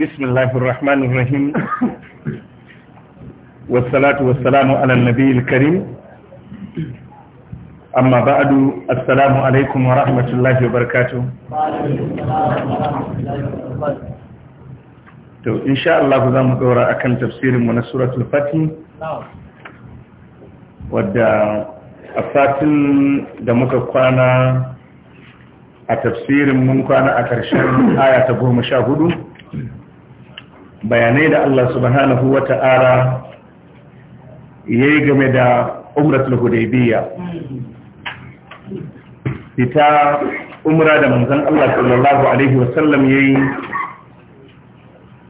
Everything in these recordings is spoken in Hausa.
بسم الله الرحمن الرحيم والصلاة والسلام على النبي الكريم أما بعد السلام عليكم ورحمة الله وبركاته to insha'Allah Allah za mu dora akan tafsirin mu na suratul fatih wadda a fatin da muka kwana a tafsirin mun kwana a ƙarshen aya ta goma sha huɗu. bayanai da Allah subhanahu wa ta'ala ya yi game da umratul hudaybiya fita umra da manzan Allah sallallahu alaihi wasallam yi,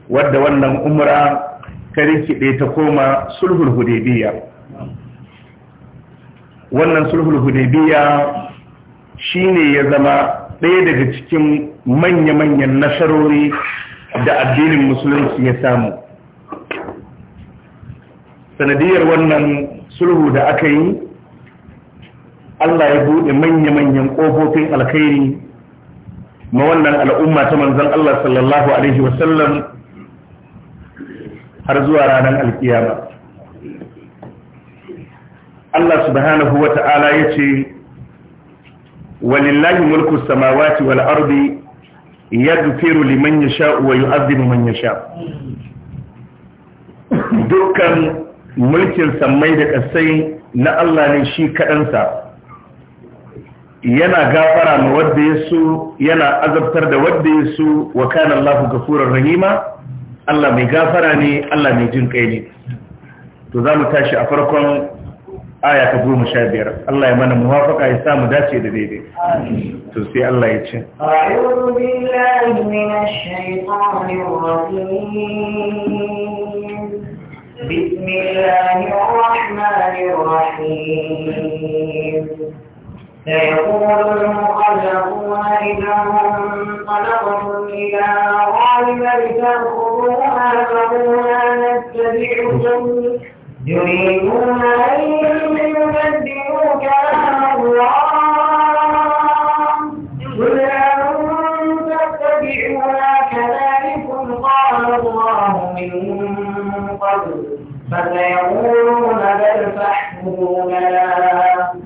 wadda wannan umra ɗaya ta koma sulhul hudaybiya wannan sulhul hudaybiya shine ya zama ɗaya daga cikin manya-manyan nasarori da addinin musulunci ya samu sanadiyar wannan sulhu da aka yi Allah ya buɗe manya-manyan ƙofofin alkhairi ma wannan al'umma ta manzan Allah sallallahu Alaihi wasallam har zuwa ranar alkiyama. Allah subhanahu wa ta'ala ya ce, Walillahi mulku samawati wal ardi yaghfiru liman uwa wa yu'adhibu man yasha dukkan mulkin samai da kasai na Allah ne shi kaɗansa yana gafara ma wanda yana azabtar da wanda ya so wa kana Allahu ghafurur rahima Allah mai gafara ne Allah mai jin kai ne to zamu tashi a farkon aya ta goma sha biyar Allah ya mana muwafaka ya samu dace da daidai to sai Allah ya ce بسم الله الرحمن الرحيم سيقول المخلقون إذا انطلقتم إلى غالب لتأخذوها فقولا نتبعكم يريدون أن يبدلوا كلام الله قل أن تتبعونا كذلكم قال الله من قبل فسيقولون بل تحسبوننا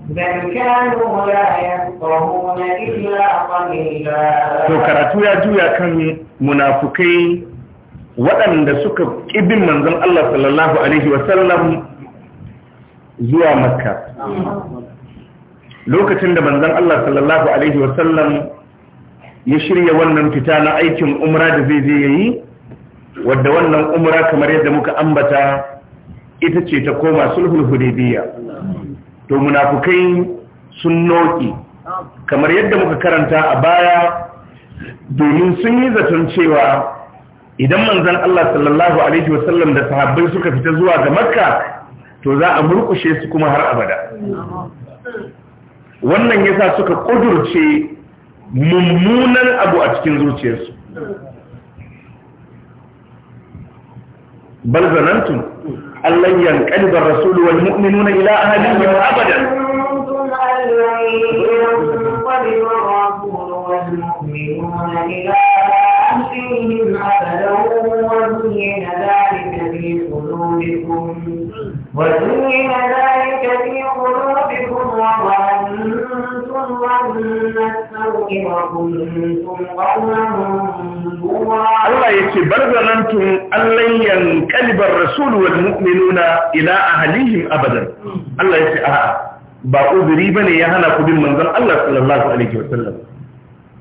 بل كانوا لا يفقهون إلا قليلا. waɗanda suka ƙibin manzan Allah sallallahu alaihi wasallam zuwa makka lokacin da manzan Allah sallallahu alaihi wasallam ya shirya wannan fita na aikin umra da zai je yi, wadda wannan umra kamar yadda muka ambata ita ce ta koma sulhul hudaybiya to munafukai sun noki kamar yadda muka karanta a baya domin sun yi zaton cewa idan manzon Allah sallallahu alaihi wasallam da sahabbai suka fita zuwa ga makka to za a murkushe su kuma har abada wannan yasa suka kudurce mummunan abu a cikin zuciyarsu bal zanantu, allan yanqaliba ar-rasulu wal mu'minuna ila ahlihim abadan allan yanqaliba فيهم عبدا وزين ذلك في قلوبكم وزين ذلك في قلوبكم وظننتم ظن السوء وكنتم قوما الله يكي برزننتم أن لن ينقلب الرسول والمؤمنون إلى أهليهم أبدا الله يكي آه ba uzuri bane ya hana ku bin manzon Allah sallallahu alaihi wasallam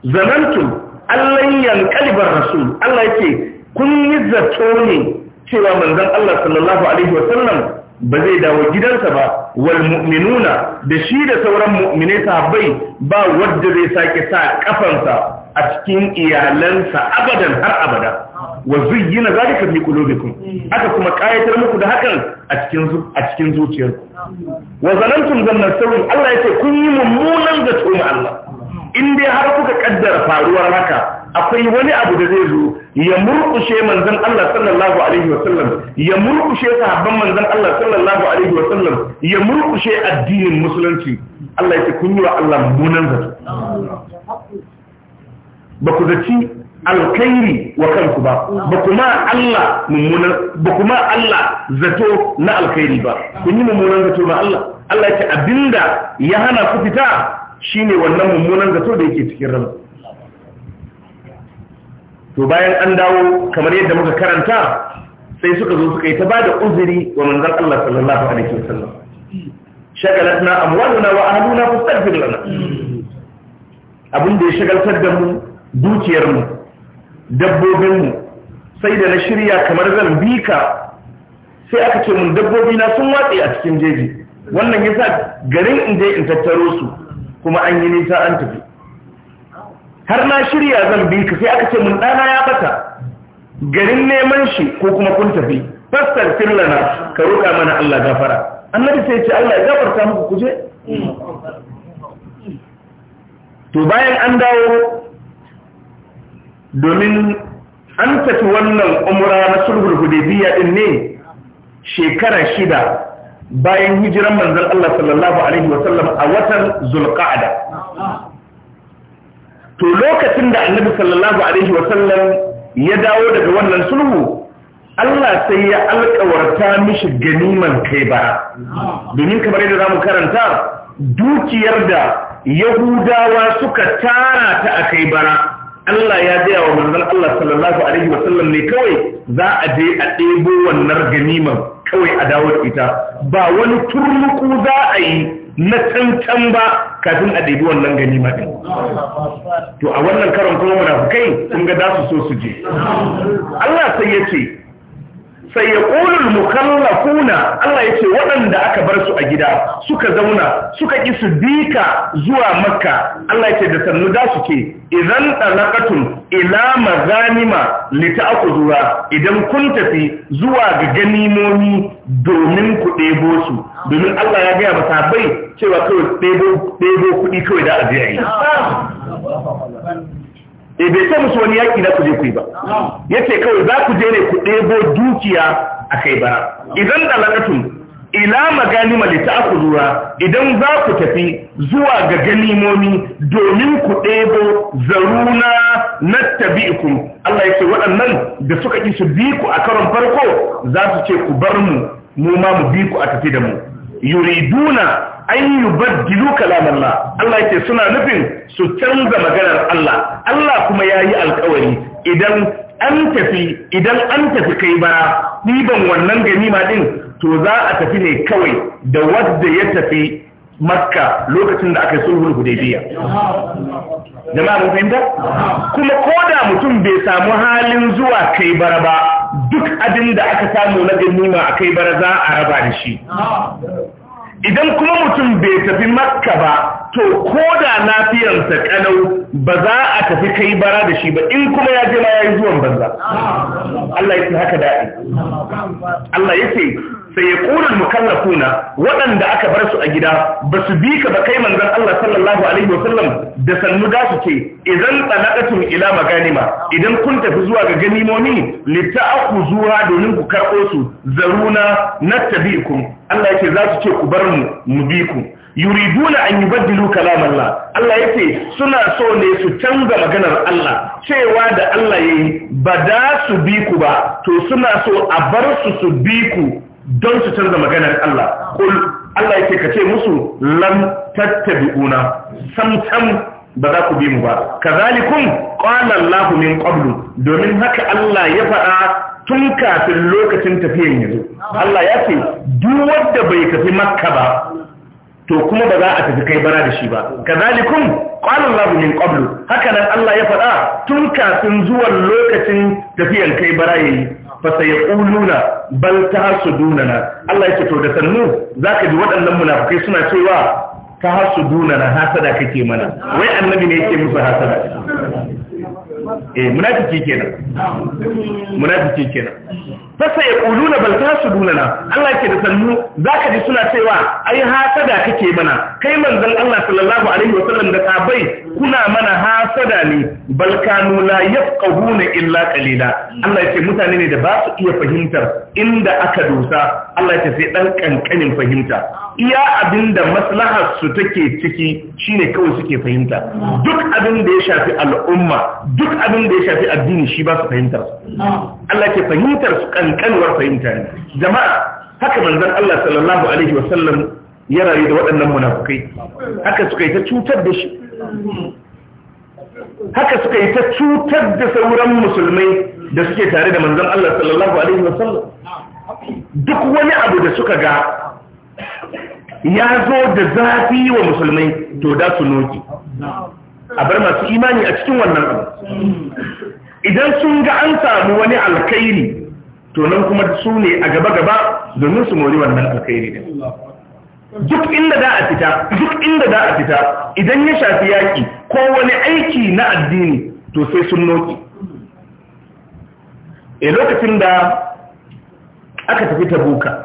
zanantum allan yankalibar rasul Allah yake kun yi zato ne cewa manzon Allah sallallahu alaihi wasallam ba zai dawo gidansa ba wal mu'minuna da shi da sauran mu'minai sabai ba wanda zai sake sa kafansa a cikin iyalansa abadan har abada wa zuyyina zalika fi qulubikum aka kuma kayatar muku da hakan a cikin a cikin zuciyarku wa zanantum zanna sawin Allah yake kun yi mummunan zato ma in dai har kuka kaddara faruwar haka akwai wani abu da zai zo ya murkushe manzon Allah sallallahu alaihi wasallam ya murkushe sahabban manzon Allah sallallahu alaihi wasallam ya murkushe addinin musulunci Allah yake kun Allah munan zato ba ku zaci alkhairi wa kanku ba ba kuma Allah mummunan ba kuma Allah zato na alkhairi ba kun yi mummunan zato ba Allah Allah yake abinda ya hana ku fita Shi ne wannan mummunan zato da yake cikin rana. to bayan an dawo kamar yadda muka karanta sai suka zo suka yi ta ba da uzuri wa manzan Allah sallallahu alaihi wasallam shagalatna amwaluna wa ahluna fastaghfir lana abin da ya shagaltar da mu dukiyar mu dabbobin mu sai da na shirya kamar zan bika sai aka ce mun dabbobi na sun watse a cikin jeji wannan yasa garin in je in tattaro su kuma an yi nisa an tafi har na shirya zan bi ka sai aka ce mun ɗana ya bata garin neman shi ko kuma kun tafi fastar na ka roƙa mana Allah gafara annabi sai ce Allah ya gafarta muku kuje to bayan an dawo domin an tafi wannan umra na sulhul hudaybiyya din ne shekara shida bayan hijiran manzon Allah sallallahu alaihi wa sallam a watan Zulqa'ada to lokacin da Annabi sallallahu alaihi wa sallam ya dawo daga wannan sulhu Allah sai ya alƙawarta mishi ganiman kai bara. domin kamar yadda zamu karanta dukiyar da Yahudawa suka tara ta a kai bara Allah ya gaya wa manzon Allah sallallahu alaihi wa sallam ne kawai za a je a ɗebo wannan ganiman kawai a dawo da ita ba wani turnuku za a yi na tantan ba kafin a daidu wannan gani ma ɗin to a wannan karon kuma munafukai sun ga za su so su je Allah sai ya ce sai ya ƙulul mukallafuna Allah ya ce waɗanda aka bar su a gida suka zauna suka ƙi su dika zuwa makka Allah ya ce da sannu za su ke, idan ɗalaƙatun ila aku zuwa idan kun tafi zuwa ga ganimomi domin ku ɗebo su domin Allah ya gaya bai cewa kawai ɗebo kuɗi kawai da a yi e bai ta musu wani yaki na ku je ku yi ba yace kawai za ku je ne ku ɗebo dukiya a kai bara idan da lakatun ila maganima da ta'khudura idan za ku tafi zuwa ga ganimomi domin ku ɗebo zaruna nattabi'ukum Allah yake waɗannan da suka ki su bi ku a karon farko za su ce ku bar mu mu ma mu bi ku a tafi da mu yuriduna an kalaman kalamallah Allah yake suna nufin su canza maganar Allah Allah kuma ya yi alkawari idan an tafi idan an tafi kai bara ɗiban wannan ganima din to za a tafi ne kawai da wanda ya tafi makka lokacin da aka yi sulhul hudaybiya jama'a mun fahimta kuma koda mutum bai samu halin zuwa kai bara ba duk abin da aka samu na ganima a kai bara za a raba da shi idan kuma mutum bai tafi makka ba to ko da lafiyarsa ƙanau ba za a tafi kai bara da shi ba in kuma ya je ma ya yi zuwan banza Allah ya ce haka daɗi Allah ya ce sai ya ƙunar mukallafuna waɗanda aka bar su a gida ba su bi ka ba kai manzan Allah sallallahu alaihi wasallam da sannu da su ce idan tsanakacin ila maganima idan kun tafi zuwa ga ganimomi litta zuwa domin ku karɓo su zaruna na tabi'ikun Allah yake za su ce ku bar mu mu bi ku yuriduna an yubaddilu kalamallah Allah yake suna so ne su canza maganar Allah cewa da Allah yayi ba da su bi ku ba to suna so a bar su su bi ku don su canza maganar Allah kul Allah yake kace musu lam tattabi'una sam sam ba za ku bi mu ba kazalikum qala Allah min qablu domin haka Allah ya faɗa tun kafin lokacin tafiyan yazo Allah ya ce duk wanda bai tafi Makka ba to kuma ba za a tafi kai bara da shi ba kazalikum qala Allah min qablu haka nan Allah ya faɗa tun kafin zuwan lokacin tafiyan kai bara yayi fa sayquluna bal dunana. Allah yake to da sannu zaka ji waɗannan munafikai suna cewa dunana hasada kake mana wai annabi ne yake musu hasada eh munafiki kenan munafiki kenan fasa ya kuluna bal tasuduna Allah ke da sannu zaka ji suna cewa ai hasada kake mana kai manzon Allah sallallahu alaihi wasallam da sabai kuna mana hasada ne bal kanu la yafqahuna illa qalila Allah yake mutane ne da ba su iya fahimtar inda aka dosa Allah yake sai dan kankanin fahimta iya abin da maslahar su take ciki shine kawai suke fahimta duk abin da ya shafi al'umma duk abin da ya shafi addini shi ba su fahimtar su Allah ke fahimtar su kankanwar fahimta ne jama'a haka manzon Allah sallallahu alaihi wasallam ya rayu da waɗannan munafukai haka suka yi ta cutar da shi haka suka yi ta cutar da sauran musulmai da suke tare da manzon Allah sallallahu alaihi wasallam duk wani abu da suka ga ya zo da zafi wa musulmai to da su noki a bar masu imani a cikin wannan abu idan sun ga an samu wani alkhairi to nan kuma su ne a gaba-gaba domin su mori wannan alkairi ne duk inda da a fita duk inda za a fita idan ya shafi yaƙi ko wani aiki na addini to sai sun noki a eh, lokacin da aka tafi ta tabuka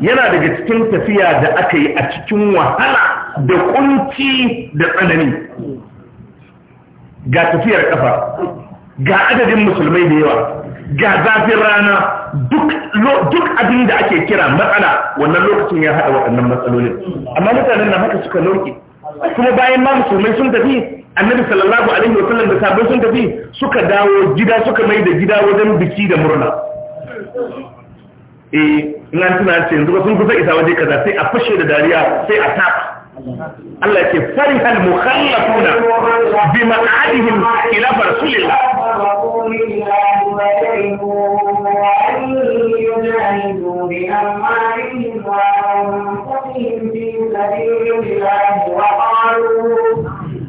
yana daga cikin tafiya da aka yi a cikin wahala da kunci da tsanani ga tafiyar kafa ga adadin musulmai da yawa ga zafin rana duk abin da ake kira matsala wannan lokacin ya haɗa waɗannan matsalolin amma mutanen na haka suka lauke kuma bayan ma musulmai sun tafi annabi sallallahu alaihi wa sallam da sabbin sun tafi suka dawo gida suka mai da gida wajen biki da murna eh tuna ce yanzu ba sun kusa isa waje kaza sai a fashe da dariya sai a tafa Allah ke farihal mukhallafuna bi ma'adihim ila rasulillah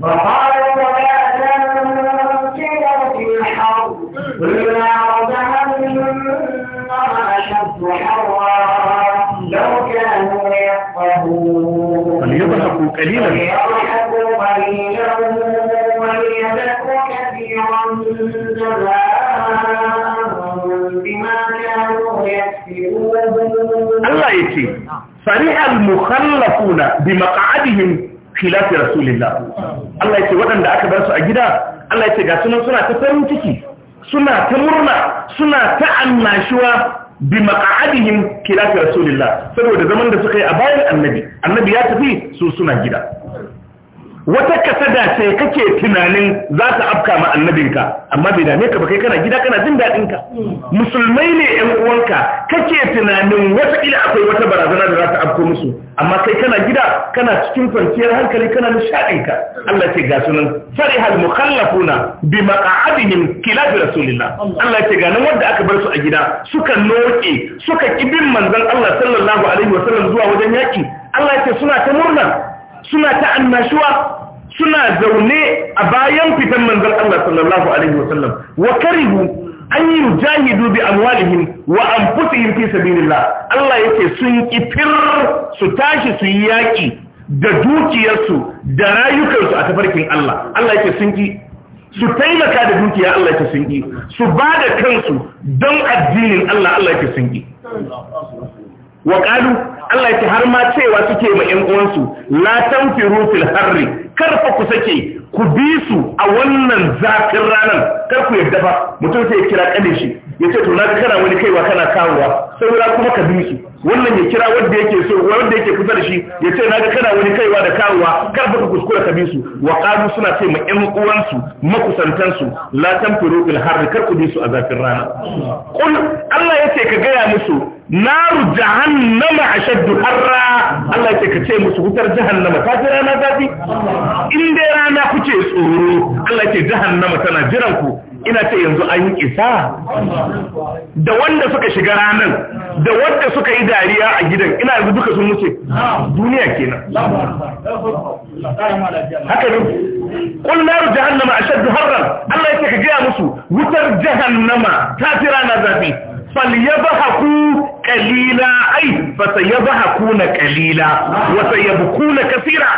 وقالوا لا تنفروا في الحرب محرما لو كانوا قليلا كثيرا بما كانوا الله يكفي فرح المخلفون بمقعدهم خلاف رسول الله الله ya ودن دا aka bar su a gida Allah ya ga sunan suna ta farin ciki suna ta murna suna ta annashuwa bi maq'adihim khilaf rasulillah saboda zaman da suka yi a bayan annabi annabi ya tafi su suna gida wata kasada ce kake tunanin za ta afka ma annabinka amma bai dame ka ba kai kana gida kana jin daɗin ka musulmai ne ƴan uwanka kake tunanin wata ila akwai wata barazana da za ta afko musu amma kai kana gida kana cikin kwanciyar hankali kana nishaɗin ka Allah ce ga sunan farihal mukhallafuna bi maq'adihim kilab rasulillah Allah ce ga nan wanda aka bar su a gida suka noke suka kibin manzon Allah sallallahu alaihi wasallam zuwa wajen yaki Allah ce suna ta murna suna ta annashuwa suna zaune a bayan fitan manzon Allah sallallahu alaihi wasallam wa karihu an yi jahidu bi amwalihim wa anfusihim fi sabilillah Allah yake sun kifir su tashi su yi yaƙi da dukiyarsu da rayukansu a tafarkin Allah Allah yake sun ki su taimaka da dukiya Allah yake sun ki su ba da kansu don addinin Allah Allah yake sun ki wa qalu Allah ce har ma cewa suke ma yan uwansu la tanfiru fil harri kar fa ku sake ku bi su a wannan zafin ranar kar ku yadda ba mutum sai ya kira kanin shi ya ce to na kana wani kaiwa kana kawowa sai kuma ka bi su wannan ya kira wanda yake so wanda yake kusa da shi ya ce na kana wani kaiwa da kawowa kar ku kuskura ka bi su wa qalu suna ce ma yan uwansu makusantan su la tanfiru fil harri kar ku bi su a zafin rana qul Allah yace ka gaya musu naru jahannama ashaddu harra Allah ce ka ce musu wutar jahannama ta ji rana zafi in dai rana kuce tsoro Allah ce jahannama tana jiran ku ina ce yanzu an yi isa da wanda suka shiga ranar da wanda suka yi dariya a gidan ina yanzu duka sun wuce duniya kenan haka ne kul naru jahannama ashaddu harran Allah ya ka gaya musu wutar jahannama ta ji rana zafi falyabhaku kalila ai ba sai ya baha kuna kalila wa sai ya bukuna kasira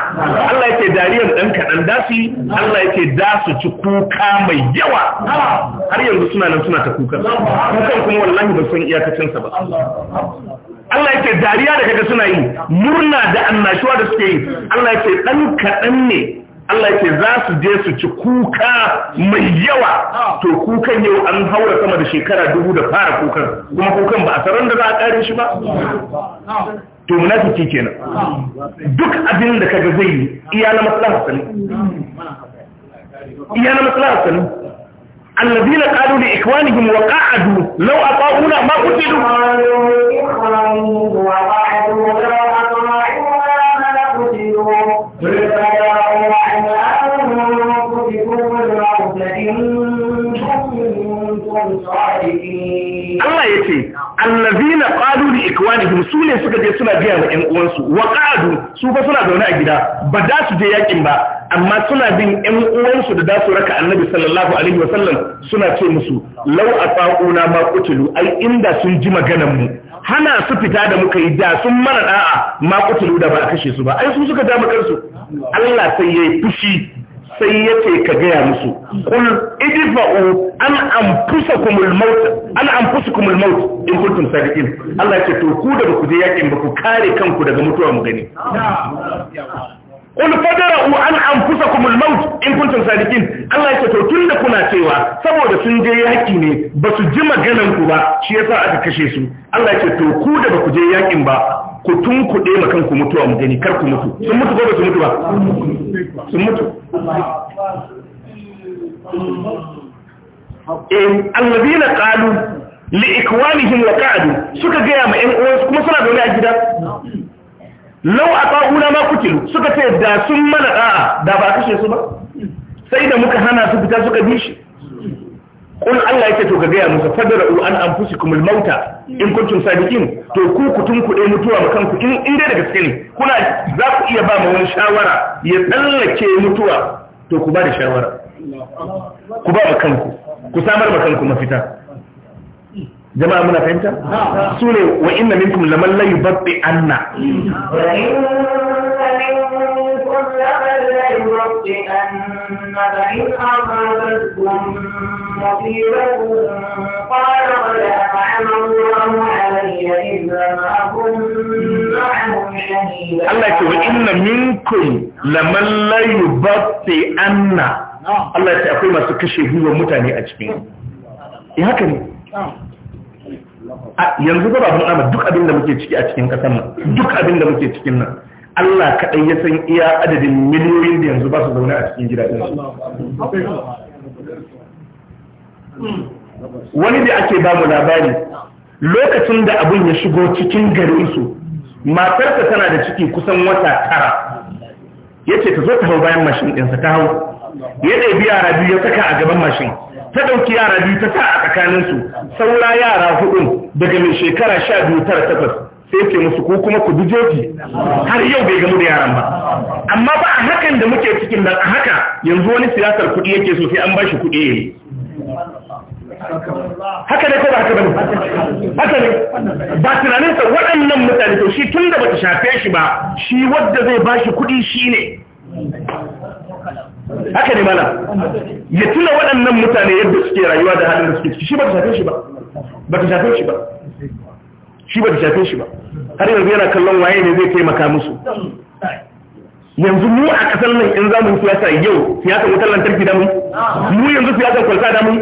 Allah yake dariyar dan kadan dasi Allah yake dasu ci kuka mai yawa har yanzu suna nan suna ta kuka kukan kuma wallahi ba san iyakacin sa ba Allah yake dariya daga kaga suna yi murna da annashuwa da suke yi Allah yake dan kadan ne Allah yake za su je su ci kuka mai yawa to kukan yau an haura sama da shekara dubu da fara kukan kuma kukan ba a tsaron da za a ƙare shi ba to munafiki kenan duk abin da kaga zai yi iya na maslaha sani iya na maslaha sani الذين قالوا لإخوانهم وقعدوا لو أطاعونا ما قتلوا قالوا إخوانهم وقعدوا لو Allah ya ce allazina ƙwado da ikwani su ne suka je suna biya wa ƴan uwansu wa qadu su fa suna zaune a gida ba da su je yakin ba amma suna bin ƴan uwansu da da su raka annabi sallallahu alaihi wa suna ce musu a ataquna ma qutilu ai inda sun ji maganarmu, hana su fita da muka yi da sun mana da'a ma kutulu da ba a kashe su ba ai su suka dama kansu Allah sai ya yi fushi sai yace ka gaya musu kul idfa'u an anfusakum al-maut an anfusakum al-maut in kuntum sadiqin Allah yace to ku da ku je yakin ba ku kare kanku daga mutuwa mu gani Kul fadara'u an anfusakum al-maut in kuntum sadiqin Allah yake to tunda kuna cewa saboda sun je yaki ne ba su ji maganan ku ba shi yasa aka kashe su Allah yake to ku da ku je yakin ba ku tunkuɗe ma kanku mutuwa mu gani kar ku mutu sun mutu ko ba su mutu ba sun mutu eh na qalu li ikwanihim la qa'du suka gaya ma ƴan uwa kuma suna wani a gida law ata'una ma kutilu suka ce da sun mana da'a da ba kashe su ba sai da muka hana su fita suka bi shi kun Allah yake to ka gaya musu fadara ul an anfusikum al-mauta in kuntum sadiqin to ku kutun ku dai mutuwa ma kanku in in dai daga cikin kuna za ku iya ba mu wani shawara ya tsallake mutuwa to ku ba da shawara ku ba ma kanku ku samar ma kanku mafita jama'a muna fahimta su ne wa inna minkum laman la anna رب أن فإن أصابتكم مصيبة قال قد أنعم الله علي إذا ما كنت معهم شهيدا الله يقول إن منكم لمن لا يبطئن Allah ya ce akwai masu kashe gwiwar mutane a cikin ya eh, haka ne yanzu gaba amma duk abin da muke ciki a cikin ƙasar nan duk abin da muke cikin nan Allah kaɗai ya san iya adadin miliyoyin da yanzu ba su zaune a cikin gidajen wani da ake ba mu labari lokacin da abin ya shigo cikin garinsu matarsa tana da ciki kusan wata tara ya ce ta zo ta hau bayan mashin ɗinsa ta hau ya ɗabi yara biyu ya saka a gaban mashin ta ɗauki yara biyu ta sa a tsakaninsu saura yara hudu daga mai shekara sha biyu tara takwas sai ke musu ko kuma ku bi joji har yau bai gamu da yaran ba amma ba a hakan da muke cikin nan a haka yanzu wani siyasar kuɗi yake so sai an shi kuɗi yayi haka ne ko ba haka bane haka ne ba tunanin sa waɗannan mutane to shi tunda bata shafe shi ba shi wanda zai ba shi kuɗi shine haka ne mana ya tuna waɗannan mutane yadda suke rayuwa da halin da suke ciki shi ba ta shafe shi ba ba ta shafe shi ba shi ba ta shafe shi ba har yanzu yana kallon waye ne zai taimaka musu yanzu mu a kasar nan in za mu yi siyasa yau siyasa wutar lantarki da mu mu yanzu siyasa kwalta da mu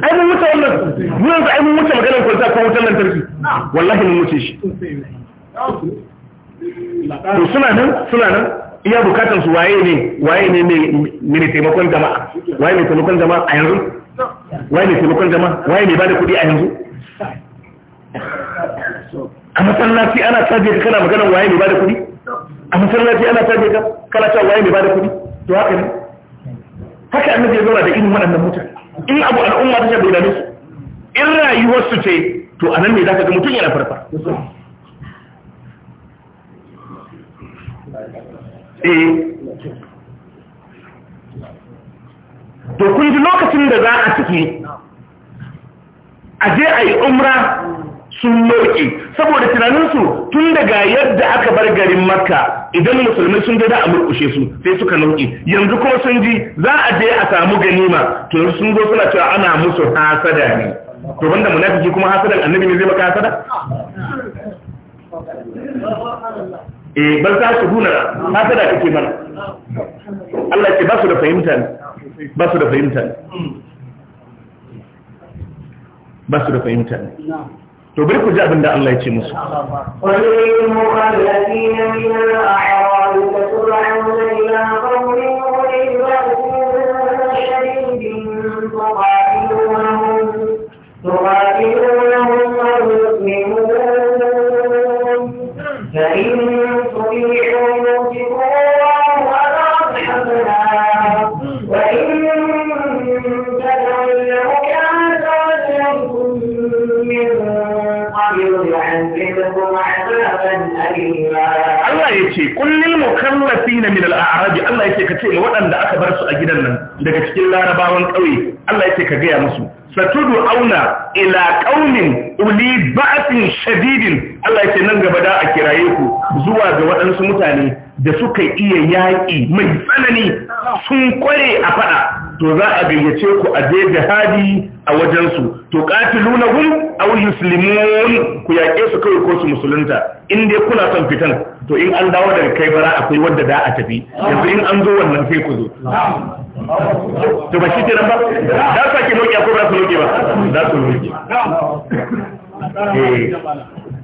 ai mun wuce wannan mu yanzu ai mun wuce maganar kwalta ko wutar lantarki wallahi mun wuce shi to suna nan suna nan iya bukatar su waye ne waye ne mai taimakon jama'a waye ne taimakon jama'a a yanzu waye ne taimakon jama'a waye ba bada kuɗi a yanzu a masallaci ana caje ka kana maganar waye mai bada kuɗi a masallaci ana caje ka kana cewa waye mai bada kuɗi to haka ne haka an ya zauna da irin waɗannan mutane in abu al'umma ta shaɗa su in su ce to a nan ne za ka ga mutum yana farfa eh to kun ji lokacin da za a ciki a je a yi umra sun mulki saboda tunaninsu tun daga yadda aka bar garin makka idan musulmai sun je da a murkushe su sai suka nauki yanzu kuma sun ji za a je a samu ganima to sun zo suna cewa ana musu hasada ne to banda munafiki kuma hasadan annabi ne zai maka hasada eh bal ta su huna hasada kake mana Allah ke ba su da fahimta ne ba su da fahimta ne ba su da fahimta ne to bari ku ji abin da Allah ya ce musu تقاتلونهم yake kullil mukallafina min al-a'rab Allah yake kace ga waɗanda aka bar su a gidan nan daga cikin larabawan ƙauye Allah yake ka gaya musu satudu auna ila qaumin uli ba'sin shadidin Allah yake nan gaba da a kiraye ku zuwa ga waɗansu mutane da suka iya yaƙi mai tsanani sun kware a fada to za a gayyace ku a je jihadi a wajensu to hum aw yuslimun ku yaƙe su kawai ko su musulunta in dai kuna son fitan to in an dawo daga kai bara akwai wanda da a tafi yanzu in an zo wannan sai ku zo to ba shi ke nan ba da su ake noke ko ba su noke ba za su noke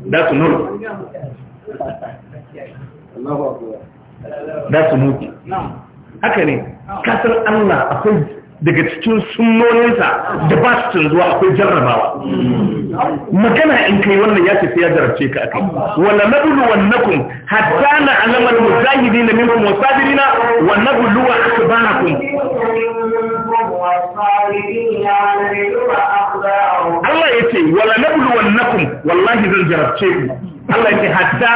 da su noke eh, da su noke haka ne kasar Allah akwai daga cikin sunnoninsa da ba su canzuwa akwai jarrabawa magana in kai wannan ya tafi ya jarabce ka akai wala nabulu wannakum hatta na alamal mujahidin minkum wasabirina wa nabulu wa akbarakum Allah yace wala nabulu wannakum wallahi zan jarabce ku Allah yace hatta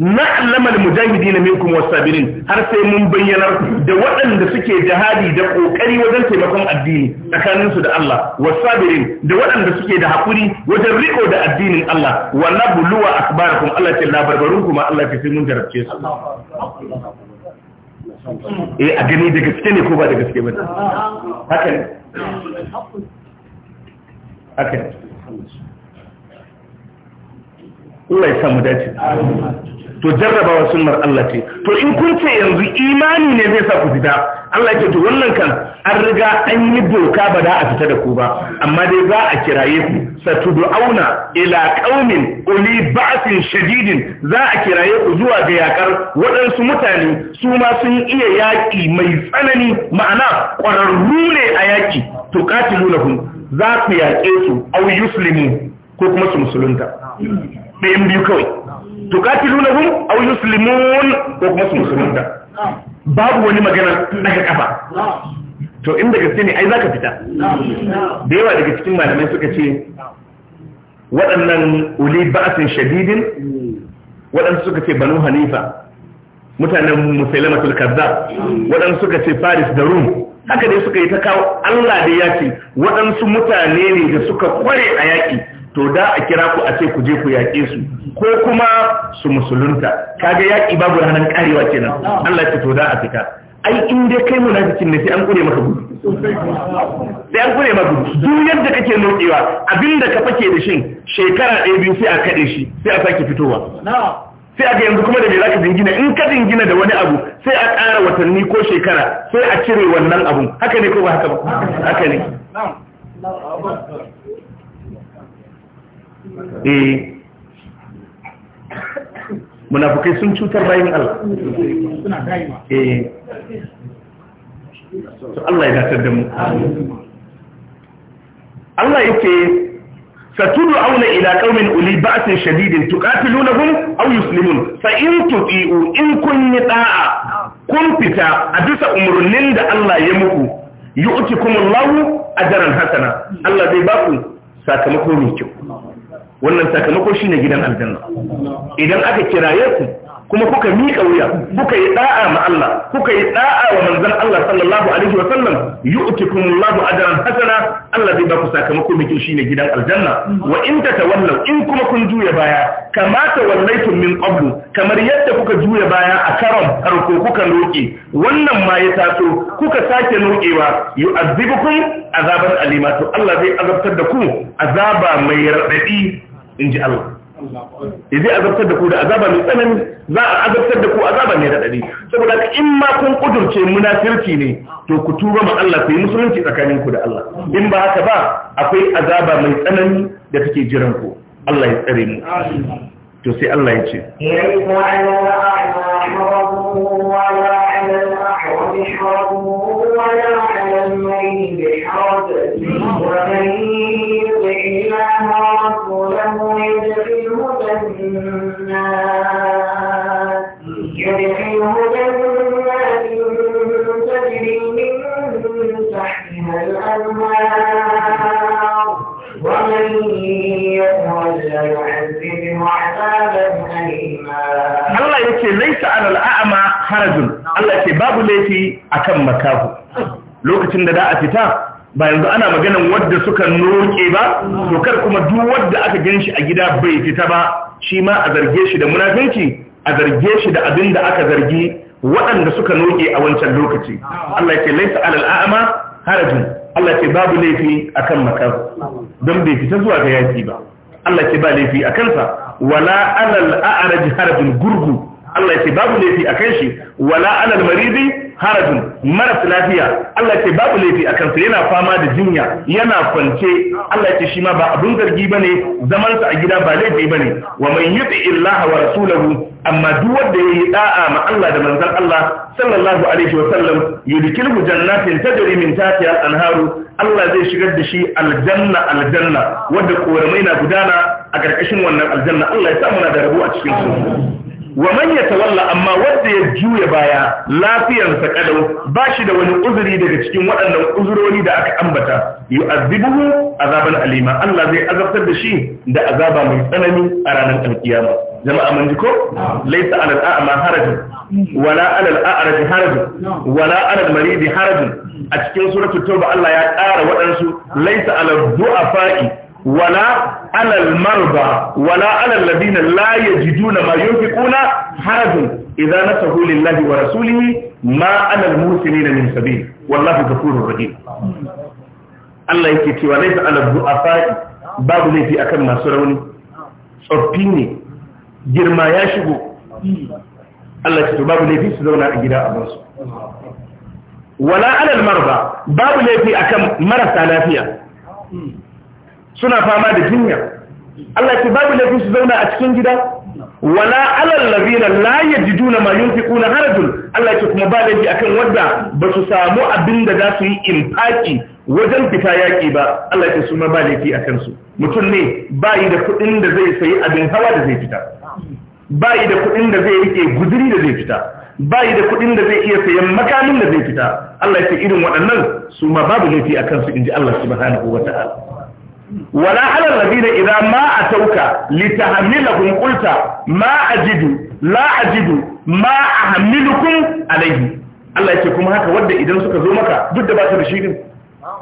نعلم المجاهدين منكم wasabirin har sai mun bayyana da waɗanda suke jihadi da kokari wajen taimakon addini tsakanin su da Allah wasabirin da waɗanda suke da hakuri wajen riko da addinin Allah wa nabluwa akhbarakum Allah ce labarbarun kuma Allah ce sai mun jarabce su eh a gani da gaske ne ko ba da gaske ba haka ne haka ne Allah ya samu dace to jarrabawa sunnar Allah ce to in kun ce yanzu imani ne zai sa ku fita Allah ce to wannan kan an riga an yi doka ba da a fita da ku ba amma dai za a kiraye ku satudu'auna ila qaumin uli ba'sin shadidin za a kiraye ku zuwa ga yakar waɗansu mutane su ma sun iya yaki mai tsanani ma'ana ƙwararru ne a yaki to qatilunahum za ku yaƙe su aw yuslimu ko kuma su musulunta ɗayan biyu kawai tuqatilunahum aw yuslimun ko kuma su musulunta babu wani magana daga kafa to inda gaske ne ai zaka fita da yawa daga cikin malamai suka ce waɗannan uli ba'sin shadidin waɗansu suka ce banu hanifa mutanen musailamatul kazzab waɗansu suka ce faris da rum haka dai suka yi ta kawo Allah da ya ce waɗansu mutane ne da suka kware a yaki. to da a kira ku a ce ku je ku yaƙe su ko kuma su musulunta kaga yaƙi babu ranar karewa kenan Allah ya to da a fita ai in dai kai munafikin ne sai an kure maka gudu sai an kure maka gudu duk yadda kake lokewa abinda ka fake da shin shekara ɗaya biyu sai a kaɗe shi sai a sake fitowa sai a ga yanzu kuma da me zaka dingina in ka dingina da wani abu sai a ƙara watanni ko shekara sai a cire wannan abun haka ne ko ba haka ba haka ne eh munafukai sun cutar bayan Allah suna daima eh to Allah ya datar da mu Allah yake satulu auna ila qaumin uli ba'sin shadidin tuqatilunhum aw yuslimun fa in tuti'u in kun yi kun fita a bisa umurnin da Allah ya muku yu'tikumullahu ajran hasana Allah zai ba ku sakamako mai kyau wannan sakamako shine gidan aljanna idan aka kiraye ku kuma kuka miƙa wuya kuka yi da'a ma Allah kuka yi da'a wa manzon Allah sallallahu alaihi wa sallam yu'tikum ajran hasana Allah zai ba ku sakamako mai kyau shine gidan aljanna wa in tatawallaw in kuma kun juya baya kama tawallaytum min qablu kamar yadda kuka juya baya a karon harko kuka roke wannan ma ya taso kuka sake nokewa yu'azibukum azaban alima to Allah zai azabtar da ku azaba mai radadi in ji Allah ya zai azabtar da ku da azaba mai tsanani za a azabtar da ku azaba mai raɗaɗi saboda ka in ma kun kudurce munafirci ne to ku tuba ma Allah ku yi musulunci tsakanin ku da Allah in ba haka ba akwai azaba mai tsanani da take jiran ku Allah ya tsare mu to sai Allah ya ce Ya يدخله جنات يدخله جنات تجري من تحتها الأنهار ومن يتولى يعذبه عذابا أليما الله يقول ليس على الأعمى حرج Allah ke babu laifi akan makahu lokacin da da ba yanzu ana magana wadda suka noke ba to kar kuma duk wadda aka ganshi a gida bai fita ba shi ma a zarge shi da munafinci a zarge shi da abin da aka zargi waɗanda suka noke a wancan lokaci Allah ya ce laisa alal a'ama harajin Allah ce babu laifi akan makar don bai fita zuwa ga yaki ba Allah ce ba laifi a kansa wala alal a'raj harajin gurgu Allah ya ce babu laifi akan shi wala alal maridi harajin maras lafiya Allah ce babu laifi a kansa yana fama da jinya yana kwance Allah ce shi ma ba abun zargi bane zaman sa a gida ba laifi bane wa man yuti illaha wa rasulahu amma duk wanda yayi da'a ma Allah da manzon Allah sallallahu alaihi wa sallam yudkilhu jannatin tajri min tahtiha al-anharu Allah zai shigar da shi aljanna aljanna wanda koramai na gudana a ƙarƙashin wannan aljanna Allah ya sa muna da rabo a cikin su wa man yatawalla amma wanda ya juya baya lafiyarsa kadau ba shi da wani uzuri daga cikin waɗannan uzuroni da aka ambata yu'azibuhu azaban alima Allah zai azabtar da shi da azaba mai tsanani a ranar alkiyama jama'a mun ji ko laysa alal a'ma harajun wala alal a'raj harajun wala alal marid harajun a cikin suratul tauba Allah ya ƙara waɗansu laysa a du'afa'i wala alal marba wala alal ladina la yajiduna ma yunfiquna harajun idza nasahu lillahi wa rasulihi ma alal muslimina min sabil wallahu ghafurur rahim Allah yake cewa laisa alal du'afa babu laifi akan masu rauni tsoffi girma ya shigo Allah ce babu laifi su zauna a gida a bansu wala alal marba babu laifi akan marasa lafiya suna fama da jinya Allah ya ce babu laifin su zauna a cikin gida wala alal ladina la yajiduna ma yunfiquna harajun Allah ya ce kuma ba laifi akan wanda ba su samu abinda za su yi infaki wajen fita yaki ba Allah ce su ma ba laifi akan su mutum ne bai da kuɗin da zai sayi abin hawa da zai fita bai da kuɗin da zai rike guduri da zai fita bai da kuɗin da zai iya sayan makamin da zai fita Allah ya ce irin waɗannan su ma babu laifi akan su inji Allah subhanahu wataala wala halal ladina idza ma atauka litahmilahum qulta ma ajidu la ajidu ma ahmilukum alayhi Allah yake kuma haka wanda idan suka zo maka duk da ba su da shi din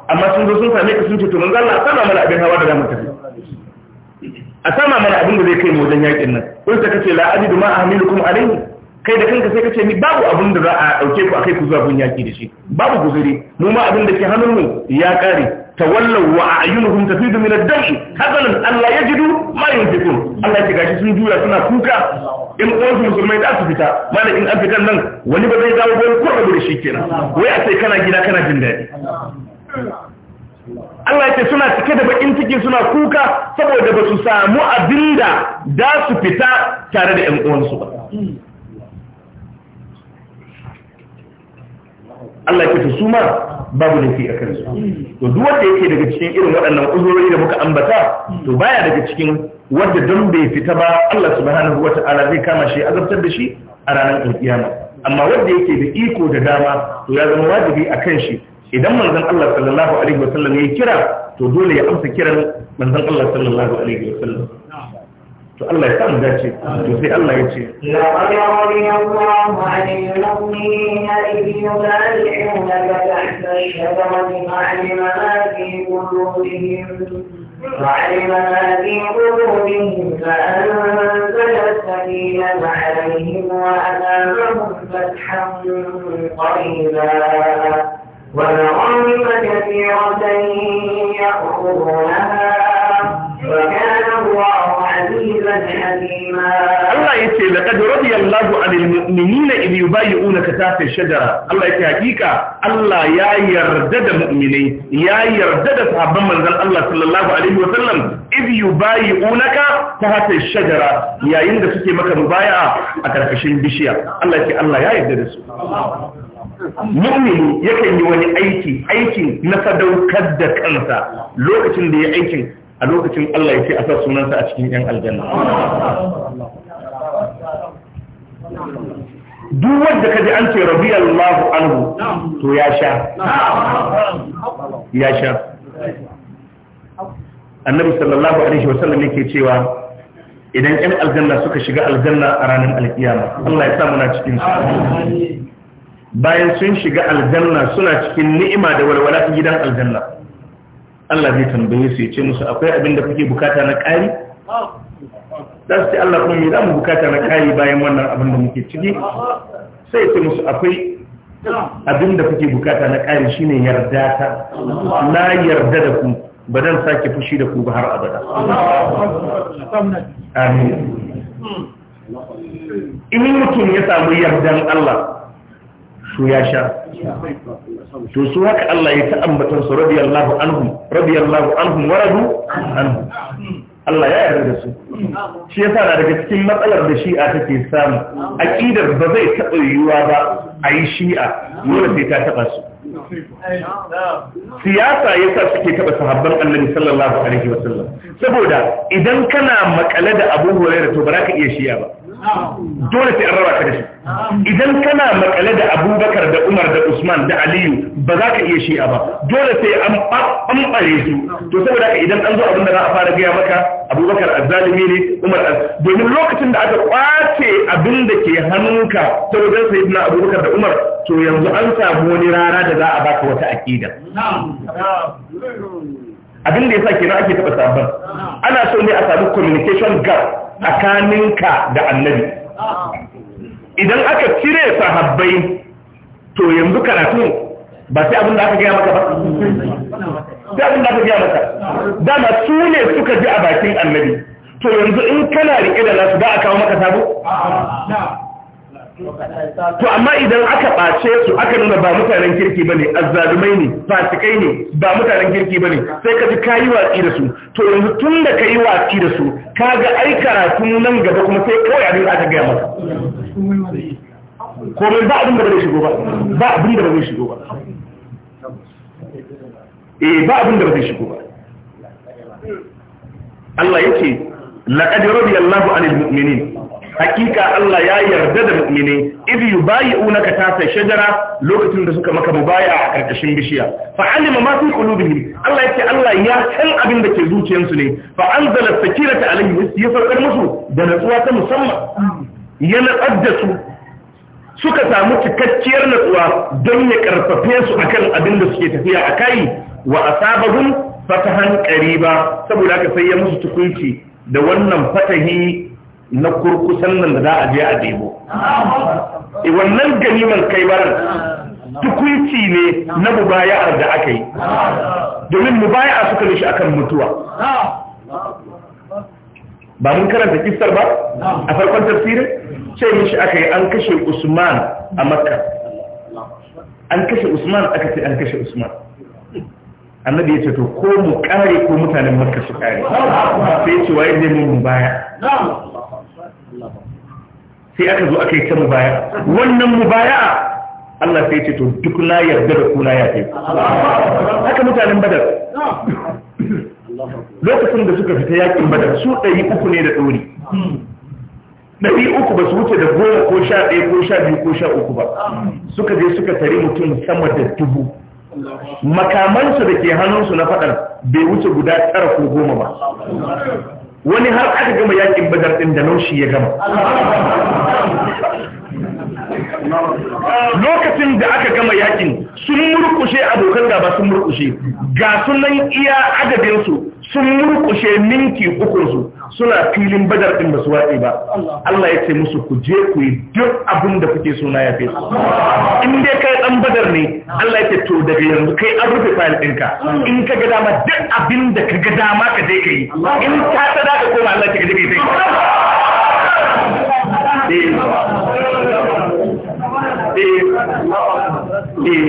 amma sun zo sun same ka sun ce to manzo Allah sama mana abin hawa da zamu tafi a sama mana abin da zai kai mu wajen yakin nan qulta kace la ajidu ma ahmilukum alayhi kai da kanka sai kace ni babu abin da za a dauke ku akai ku zuwa gun yaki da shi babu guzuri mu ma abin da ke hannun mu ya kare tawallaw wa a'yunuhum tafidu min ad-dam'i hazalan alla yajidu ma yunfiqun Allah ya gashi sun juya suna kuka in uwansu musulmai da su fita malam in an fitan nan wani ba zai dawo gobe ko rabu da shi kenan wai a sai kana gida kana jin daɗi Allah ya ce suna cike da bakin ciki suna kuka saboda ba su samu abinda da su fita tare da ƴan uwansu ba Allah ya fito su ma babu laifi a kansu to duk wanda yake daga cikin irin waɗannan uzurori da muka ambata to baya daga cikin wanda don bai fita ba Allah subhanahu wa ta'ala zai kama shi azabtar da shi a ranar alkiyama amma wanda yake da iko da dama to ya zama wajibi a kan shi idan manzon Allah sallallahu alaihi wasallam ya kira to dole ya amsa kiran manzon Allah sallallahu alaihi wasallam to Allah ya samu dace to sai Allah ya ce laqad radiyallahu 'anil mu'minina idh yubayyi'unaka tahta ash-shajarati 'alima ma fi qulubihim وعلم ما في قلوبهم فأنزل السكينة عليهم وأنامهم فتحا قريبا ومغانم كثيرة يأخذونها yace laqad radiyallahu 'anil mu'minina idh yubayyi'unaka tahta shajara Allah yace hakika Allah ya yarda da mu'minai ya yarda da sahabban manzon Allah sallallahu alaihi wasallam idh yubayyi'unaka tahta shajara yayin da suke maka baya a karkashin bishiya Allah Allah ya yarda da su mu'mini yakan yi wani aiki aikin na sadaukar da kansa lokacin da ya aikin a lokacin Allah ya ce a sa sunansa a cikin 'yan aljanna. duk da kaji an ce radiyallahu anhu to ya sha ya sha annabi sallallahu alaihi wasallam yake cewa idan ɗan aljanna suka shiga aljanna a ranar alkiyama Allah ya sa muna cikin su bayan sun shiga aljanna suna cikin ni'ima da walwala a gidan aljanna Allah zai tambaye su ya ce musu akwai abin da kuke bukata na ƙari za su ce Allah kuma me za mu bukata na kayi bayan wannan abin da muke ciki sai ce musu akwai abin da kuke bukata na kayi shine yarda ta na yarda da ku ba zan sake fushi da ku ba har abada amin in mutum ya samu yardan Allah su ya sha to su haka Allah ya ta su radiyallahu anhu radiyallahu anhu waradu anhu Allah ya yarda da su shi yasa na daga cikin matsalar da shi'a take samu aqidar ba zai taɓa yiwuwa ba a yi shi'a dole sai ta taɓa su siyasa yasa suke taɓa sahabban annabi sallallahu alaihi wasallam saboda idan kana makale da abu hurairah to ba za ka iya shi'a ba dole sai an raba ka da shi idan kana makale da abubakar da umar da usman da aliyu ba za ka iya shi'a ba dole sai an ɓamɓare su to saboda ka idan an zo abin da za a fara gaya maka abubakar azzalimi ne umar domin lokacin da aka kwace abin da ke hannunka ta wajen sayi na abubakar da umar to yanzu an samu wani rana da za a baka wata aƙida abin da ya sa kenan ake taɓa sabon ana so ne a samu communication gap tsakaninka da annabi idan aka cire sahabbai to yanzu karatu ba sai abin da aka gaya maka ba sai abin da aka gaya maka dama su ne suka ji a bakin annabi to yanzu in kana riƙe da nasu ba a kawo maka sabo to amma idan aka ɓace su aka nuna ba mutanen kirki bane azzalumai ne fasikai ne ba mutanen kirki bane sai ka ji yi watsi da su to yanzu tun da ka yi watsi da su ga aikara karatu nan gaba kuma sai kawai abin aka gaya maka komai ba abin da bai shigo ba ba abin da bai shigo ba eh ba abin da bai shigo ba Allah yake laqad radiyallahu anil mu'minin hakika Allah ya yarda da mu'mini idh yubayi'unaka tasa shajara lokacin da suka maka mubaya a karkashin bishiya fa alima ma fi qulubihim Allah yake Allah ya san abin da ke zuciyarsu ne fa anzala sakirata alaihim ya farkar musu da natsuwa ta musamman ya natsar da su suka samu cikakkiyar natsuwa don ya karfafe su akan abin da suke tafiya a kai wa asabahum fatahan qariba saboda haka sai ya musu tukunci da wannan fatahi na kurkusan nan da za a je a debo e wannan ganiman kai bar tukunci ne na mubaya'ar da aka yi domin mubaya'a suka nishi akan mutuwa ba mun karanta kistar ba a farkon tafsirin ce mishi aka yi an kashe usman a makka an kashe usman aka ce an kashe usman annabi ya ce to ko mu kare ko mutanen makka su kare sai ce waye zai mun baya sai aka zo aka yi ta mubaya wannan mubaya Allah sai ce to duk na yarda da kuna ya ce haka mutanen badar lokacin da suka fita yakin badar su ɗari uku ne da ɗori ɗari uku ba su wuce da goma ko sha ɗaya ko sha biyu ko sha uku ba suka je suka tare mutum sama da dubu makamansu da ke hannunsu na faɗar bai wuce guda tara ko goma ba wani har aka gama yakin badar din da naushi ya gama lokacin da aka gama yakin sun murkushe abokan gaba sun murkushe ga sunan iya adadinsu sun murkushe minti ukunsu suna filin badar ɗin ba su waɗe ba Allah ya ce musu ku je ku yi duk abin da kuke suna ya fi in dai kai ɗan badar ne Allah ya ce to daga yanzu kai an rufe fayil ɗinka in ka gada ma duk abin da ka gada ma ka je ka yi in ka ta tsada ka koma Allah ya ce ka je ka yi Eh, eh, eh,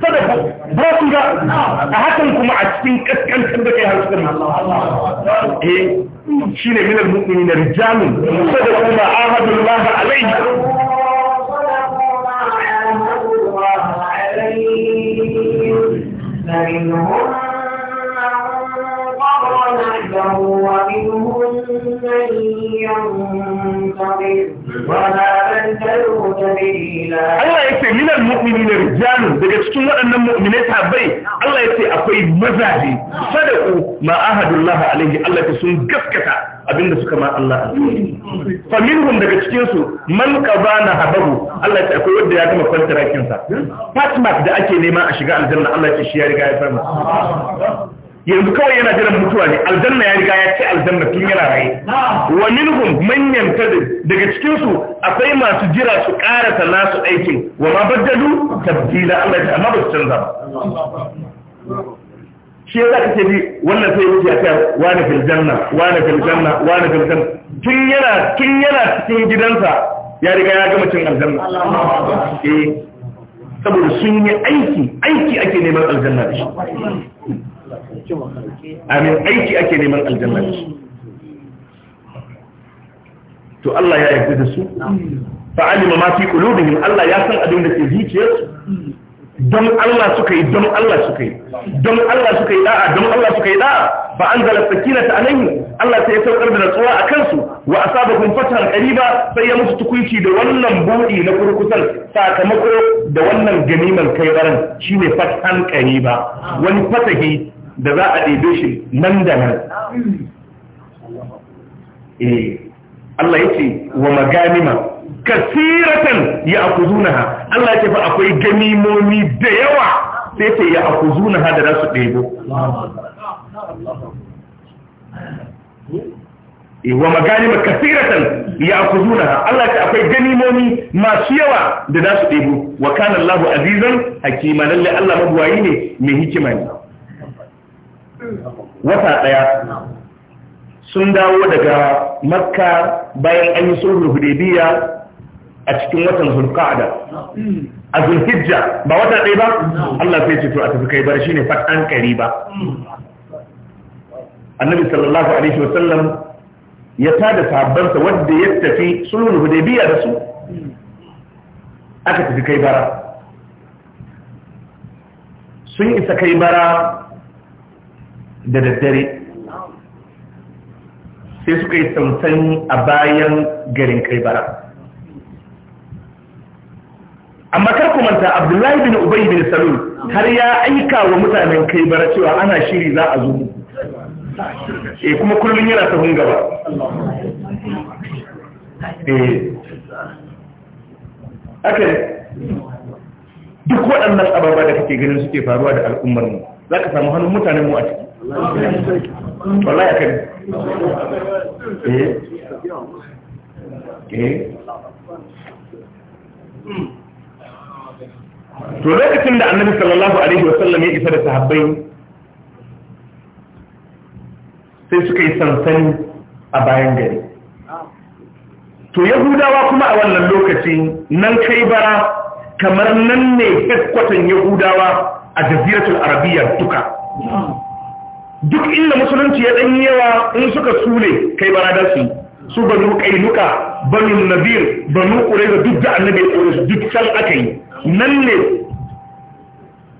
sadaku ba ku ga a hakan kuma a cikin kaskantar da kai harshen eh shi ne minar mummuni na rijalun sadaku ma ahadun laha alaihi فمنهم من قضى نحبه ومنهم من ينتظر Allah ya ce minan mu'mini na rijalun daga cikin waɗannan mu'minai tabai Allah ya ce akwai mazaje sadaku ma ahadullah alaihi Allah ta sun gaskata abinda suka ma Allah alaihi fa minhum daga cikin su man qabana habahu Allah ya ce akwai wanda ya gama kwantarakin sa fatmark da ake nema a shiga aljanna Allah ya ce shi ya riga ya fara yanzu kawai yana jiran mutuwa ne aljanna ya riga ya ce aljanna tun yana raye wa minhum man yantadi daga cikin su akwai masu jira su karata nasu aikin wa ma baddalu tabdila Allah ta amma ba su canza ba shi yasa kake bi wannan sai yake ta wani fil janna wani fil janna wani fil janna tun yana tun yana cikin gidansa ya riga ya gama cin aljanna eh saboda sun yi aiki aiki ake neman aljanna da shi amin aiki ake neman aljanna to Allah ya yarda da su fa'alima ma fi qulubihim Allah ya san abin da ke zuciyarsu don Allah suka yi don Allah suka yi don Allah suka yi da'a don Allah suka yi da'a ba an fa anzala sakinata alaihim Allah ta ya saukar da natsuwa a kansu wa asabahum fatan qariba sai ya musu tukunci da wannan budi na kurkusan sakamako da wannan ganimar kai baran shine fatan qariba wani fatahi da za a ɗebe shi nan da nan eh Allah ce wa maganima kasiratan ya akuzunaha Allah ce fa akwai ganimomi da yawa sai ce ya akuzunaha da za su ɗebo eh, wa maganima kasiratan ya akuzunaha Allah ta akwai ganimomi masu yawa da za su ɗebo wa kanan Allahu azizan hakima lalle Allah mabuwayi ne mai hikima ne wata ɗaya sun dawo daga makka bayan an yi sulhu hudaybiya a cikin watan zulqa'da a zulhijja ba wata ɗaya ba Allah sai ce to a tafi kai bar shine kari ba. annabi sallallahu alaihi wa sallam ya tada sahabbansa wanda ya tafi sulhu hudaybiya da su aka tafi kai bara sun isa kai bara da daddare sai suka yi sansani a bayan garin kai bara amma kar ku manta abdullahi bin ubay bin salul har ya aika wa mutanen kai bara cewa ana shiri za a zo eh kuma kullun yana sahun gaba eh akai duk waɗannan ababa da kake ganin suke faruwa da al'ummar mu zaka samu hannun mutanen mu a ciki wallahi akan eh eh to lokacin da annabi sallallahu alaihi wasallam ya isa da sahabbai sai suka yi sansani a bayan gari to yahudawa kuma a wannan lokaci nan kai bara kamar nan ne headquarter yahudawa a jaziratul arabiya duka duk inda musulunci ya ɗan yawa in suka sule kai barada su su nuka ba banu nabir banu da duk da annabi ya su duk can aka yi nan ne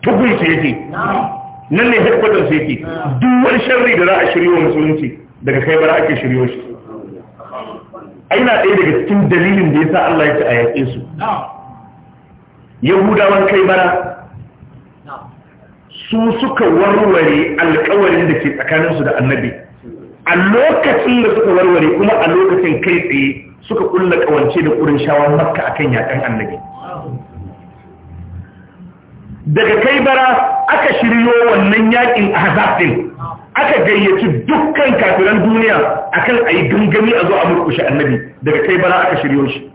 tukunsu yake nan ne headquarters yake duk wani sharri da za a shiryo musulunci daga kai bara ake shiryo shi aina ɗaya daga cikin dalilin da ya sa Allah ya ci a yaƙe su yahudawan kai bara su suka warware alkawarin da ke tsakaninsu da annabi a lokacin da suka warware kuma a lokacin kai tsaye suka kulla kawance da kurin shawar makka akan yakan annabi daga kai bara aka shiryo wannan yakin a aka gayyaci dukkan kafiran duniya akan ayi gangami a zo a murkushe annabi daga kai bara aka shiryo shi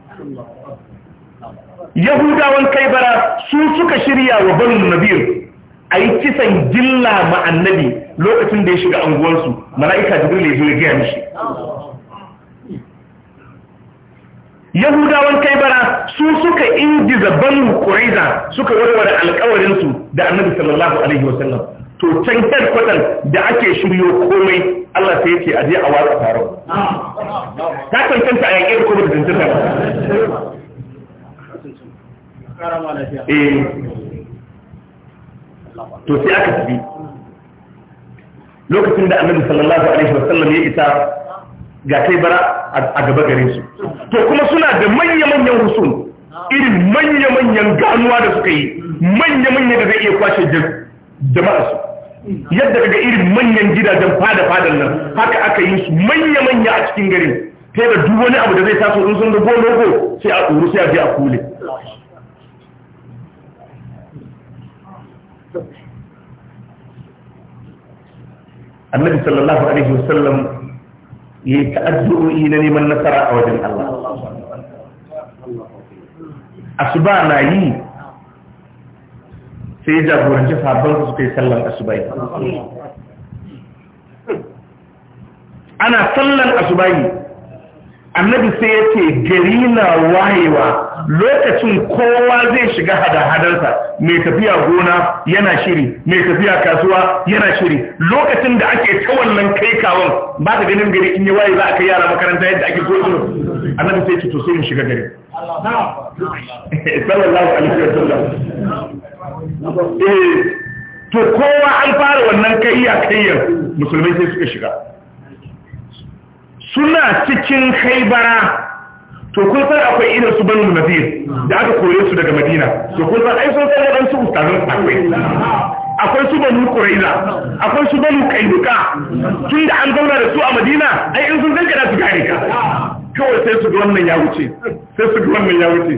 yahudawan kai bara su suka shirya wa banu nabir a yi kisan jilla ma annabi lokacin da ya shiga anguwarsu mala'ika jibril ya zo ya gaya mishi yahudawan kaibara su suka ingiza banu kuraiza suka warware su da annabi sallallahu alaihi wasallam to can headquarter da ake shiryo komai Allah sai yace aje a watsa taron ta tantance a yanke ko da ta tantance ba eh to sai aka tafi lokacin da annabi sallallahu alaihi wasallam ya isa ga kai bara a gaba gare su to kuma suna da manya-manyan husun irin manya-manyan ganuwa da suka yi manya-manya da zai iya kwashe jama'a su yadda daga irin manyan gidajen fada-fadan nan haka aka yi su manya-manya a cikin garin ta da duk wani abu da zai taso in sun ga gologo sai a tsoro sai a je a kule annabi sallallahu alaihi wasallam ya yi ta'addu'o'i na neman nasara a wajen Allah asuba na yi sai ya jagoranci sabon su suka yi sallan asubai ana sallan asubai annabi sai ya ce gari na wayewa lokacin kowa zai shiga hada-hadarsa mai tafiya gona yana shiri mai tafiya kasuwa yana shiri lokacin da ake ta wannan kai kawon ba ta ganin gari in yi waye za a kai yara makaranta yadda ake so su annabi sai to sai mu shiga gari eh, to kowa an fara wannan kai kayya kayyar musulmai sai suka shiga suna cikin haibara to kun san akwai irin su banu nazir da aka kore su daga madina to kun san ai sun san su ustazan akwai akwai su banu quraiza akwai su banu kainuka tun da an zauna da su a madina ai in sun zanka da su gare ka kawai sai su ga wannan ya wuce sai su ga wannan ya wuce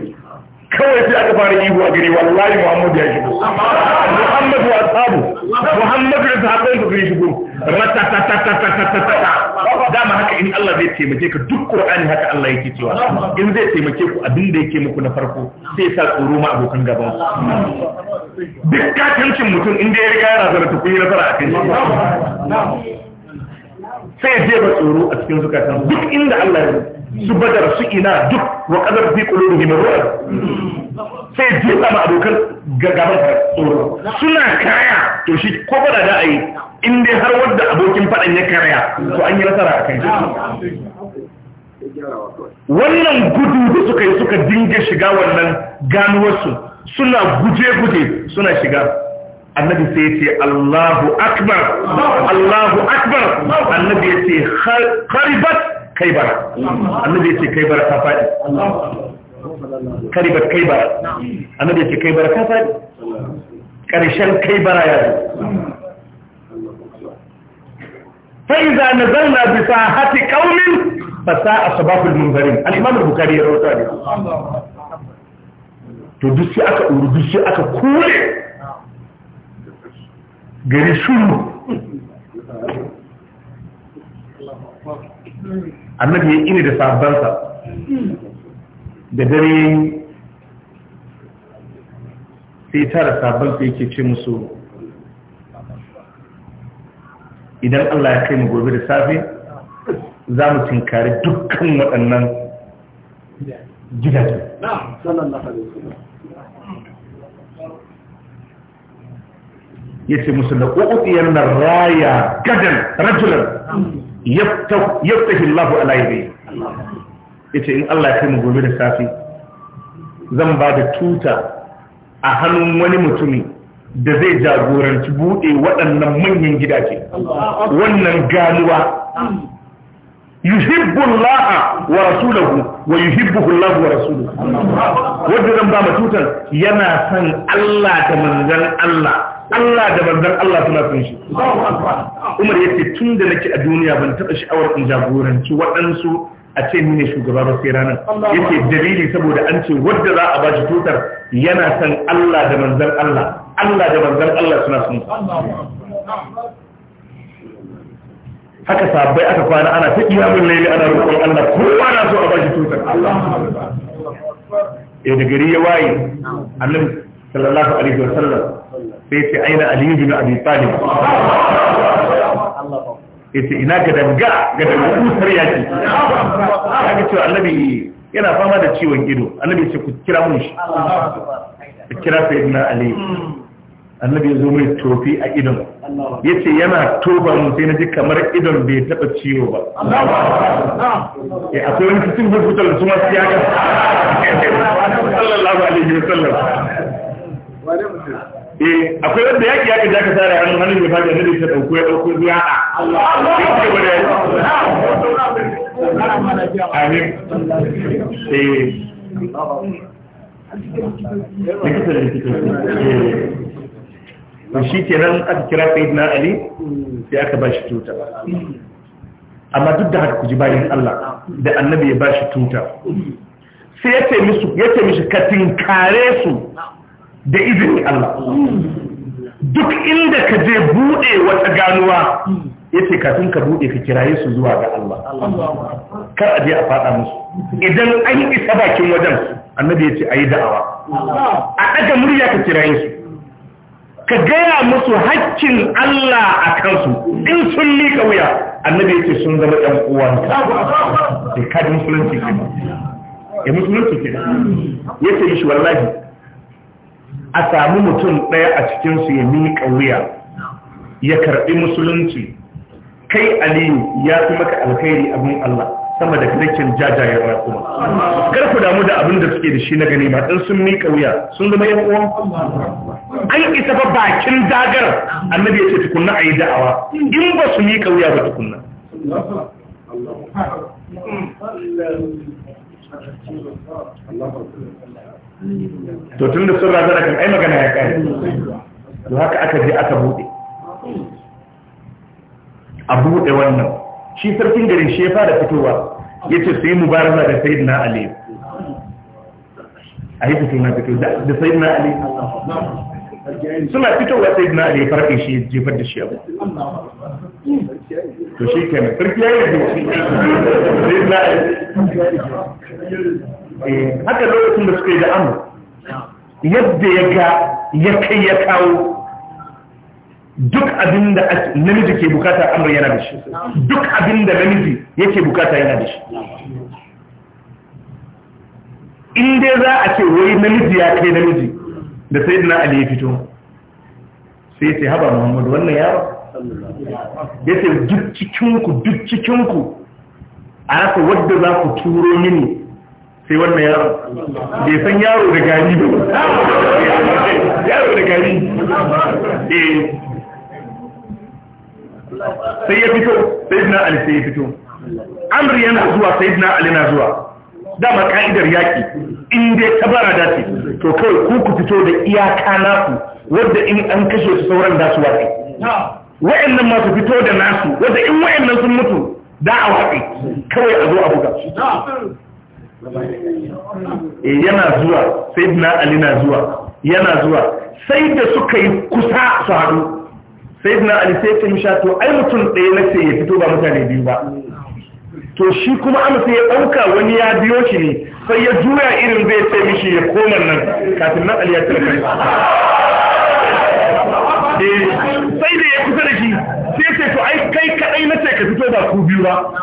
kawai sai aka fara ihu a gari wallahi muhammadu ya shigo muhammadu wa sabu muhammadu da sahabban su sun shigo ratatatatatatatata dama haka in Allah zai taimake ka duk qur'ani haka Allah yake cewa in zai taimake ku abin da yake muku na farko sai sa tsoro ma abokan gaban duk katancin mutum inda ya riga yana zara ku yi nasara a kan shi sai ya ba tsoro a cikin zukatan duk inda Allah ya su badar su ina duk wa kadar bi kulubu himin ruwa sai duka ma abokan gagaban tsoro suna kaya to shi ko bada da a in dai har wanda abokin faɗan ya karya to an yi nasara a shi wannan gudu da suka yi suka dinga shiga wannan ganuwarsu suna guje-guje suna shiga annabi sai ce Allahu akbar Allahu akbar annabi ya kharibat كيبر النبي يقول كيبر كفادي كلمة كيبر النبي يقول كيبر كفادي كريشان كيبر يعني فإذا نزلنا بساحة قوم فساء صباح المنظرين الإمام البكاري يروي ذلك تدسي أكا أردسي أكا كولي غير شنو annabi ya ini da sabbansa da dare sai tara sabon yake ce musu idan Allah ya kai mu gobe da safe za mu tinkari dukkan waɗannan gidaje yace musu da na raya gadan rajulan yaftahi Allahu ala yace in Allah ya kai mu gobe da safi zan ba da tuta a hannun wani mutumi da zai jagoranci buɗe waɗannan manyan gidaje wannan ganuwa yuhibbu Allah wa rasulahu wa yuhibbuhu Allah wa rasuluhu wanda zan ba tutar yana san Allah da manzon Allah Allah da manzon Allah suna sun shi Umar ya ce tun da nake a duniya ban taɓa sha'awar in jagoranci waɗansu a ce ni ne shugaba ba sai ranar ce dalili saboda an ce wadda za a bashi tutar yana son Allah da manzan Allah Allah da manzan Allah suna sun haka sabbai aka kwana ana ta iya iyamun laili ana roƙon Allah kowa na so a bashi tutar eh da gari ya waye annabi sallallahu alaihi wa sallam. sai ce aina aliyu bin abi talib yace ina ga danga ga danga kusar yaki kaga cewa annabi yana fama da ciwon ido annabi ce ku kira mun shi ku kira sayyidina ali annabi ya zo mai tofi a idon yace yana toba mun sai naji kamar idon bai taba ciwo ba eh akwai wani cikin hospital da suma siyaka sallallahu alaihi wasallam eh akwai wanda yaki yaki da ka tsara hannun hannun mai fadi annabi ta dauko ya dauko a amin eh. eh to shi kenan aka kira sayyidina ali sai aka tuta amma duk da haka ku ji bayan Allah da annabi ya ba shi tuta sai ya ce mishi ya ce ka tinkare su da izini Allah duk inda ka je buɗe wata ganuwa yace kafin ka buɗe ka kiraye su zuwa ga Allah kar a je a fada musu idan an isa bakin wajen annabi ya yace ayi da'awa a daga murya ka kiraye su ka gaya musu haƙƙin Allah a kansu in sun miƙa wuya annabi ce sun zama ɗan uwanta da kadin musulunci ke ya eh, musulunci ke ce shi wallahi a sami mutum ɗaya a cikinsu ya miƙa wuya ya karɓi musulunci kai aliyu ya fi maka alkhairi abin Allah sama da kanakin jajayen rakuma kar ku damu da abin da suke da shi na gani ba ɗan sun mika wuya sun zama yan uwan an isa ba bakin dagar annabi ya ce tukunna yi da'awa in ba su mika wuya ba tukunna to tun da sun razana kan ai magana ya kare to haka aka je aka buɗe a buɗe wannan shi sarkin garin shi ya fara fitowa ya ce sai mu barasa da sayid na ali a yi fitowa da sayid na ali suna fitowa sayid na ali farfe shi jefar da shi abu to shi kenan sarki ya yi da shi sayid na ali Eh, haka lokacin da suka yi da amu yadda ya ga ya kai ya kawo duk abin da namiji ke bukata amur yana da shi duk abin da namiji yake bukata yana da shi inda za a ce wai namiji ya kai namiji da sai dina ali ya fito sai ce haba muhammadu wannan yawon ya ce duk cikinku duk cikinku a haka wadda za ku turo mini sai wannan yaro bai san yaro da gari ba yaro da gari eh. sai ya fito sai na ali sai ya fito amr yana zuwa sai na ali na zuwa dama ka'idar yaƙi in ta bara da to kawai ku ku fito da iyaka nasu wadda in an kashe su sauran dasu su wace wa'annan masu fito da nasu wadda in wa'annan sun mutu da a wace kawai a zo a buga Eh, yana zuwa sai na ali na zuwa yana zuwa sai da suka yi kusa su haɗu sai na ali sai ta misha to ai mutum ɗaya na ce ya fito ba mutane biyu ba to shi kuma sai ya ɗauka wani ya biyo shi ne sai ya juya irin zai ce mishi ya koma nan kafin nan ali ya tarkai eh, sai da ya kusa da shi sai ce to ai kai kaɗai na ce ka fito ba ku biyu ba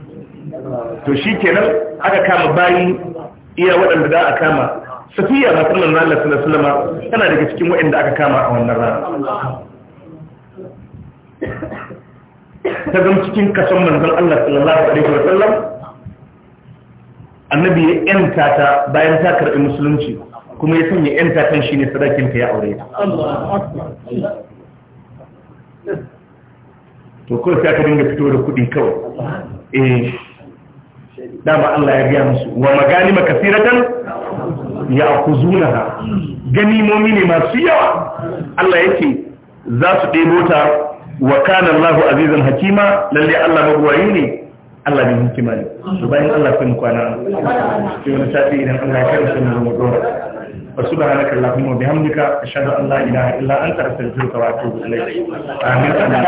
to shi kenan aka kama bayi iya waɗanda da aka kama safiya masu nan Allah sallallahu alaihi tana daga cikin waɗanda aka kama a wannan rana ta zama cikin kasan manzan Allah sallallahu alaihi wasallam annabi ya yanta ta bayan ta karɓi musulunci kuma ya sanya yanta kan shine sadakin ta ya aure ta to kawai sai aka dinga fito da kuɗi kawai eh dama Allah ya gaya musu wa magani maka maganima kasiratan Gani momi ne masu yawa Allah yake za su ɗebo ta wa kana Allahu azizan hakima lalle Allah magwayi ne Allah ne hikima ne to bayan Allah sai mu kwana sai wani sati idan Allah ya kai mu mu dora wa subhanaka allahumma bihamdika ashhadu an la ilaha illa anta astaghfiruka wa atubu ilayk amin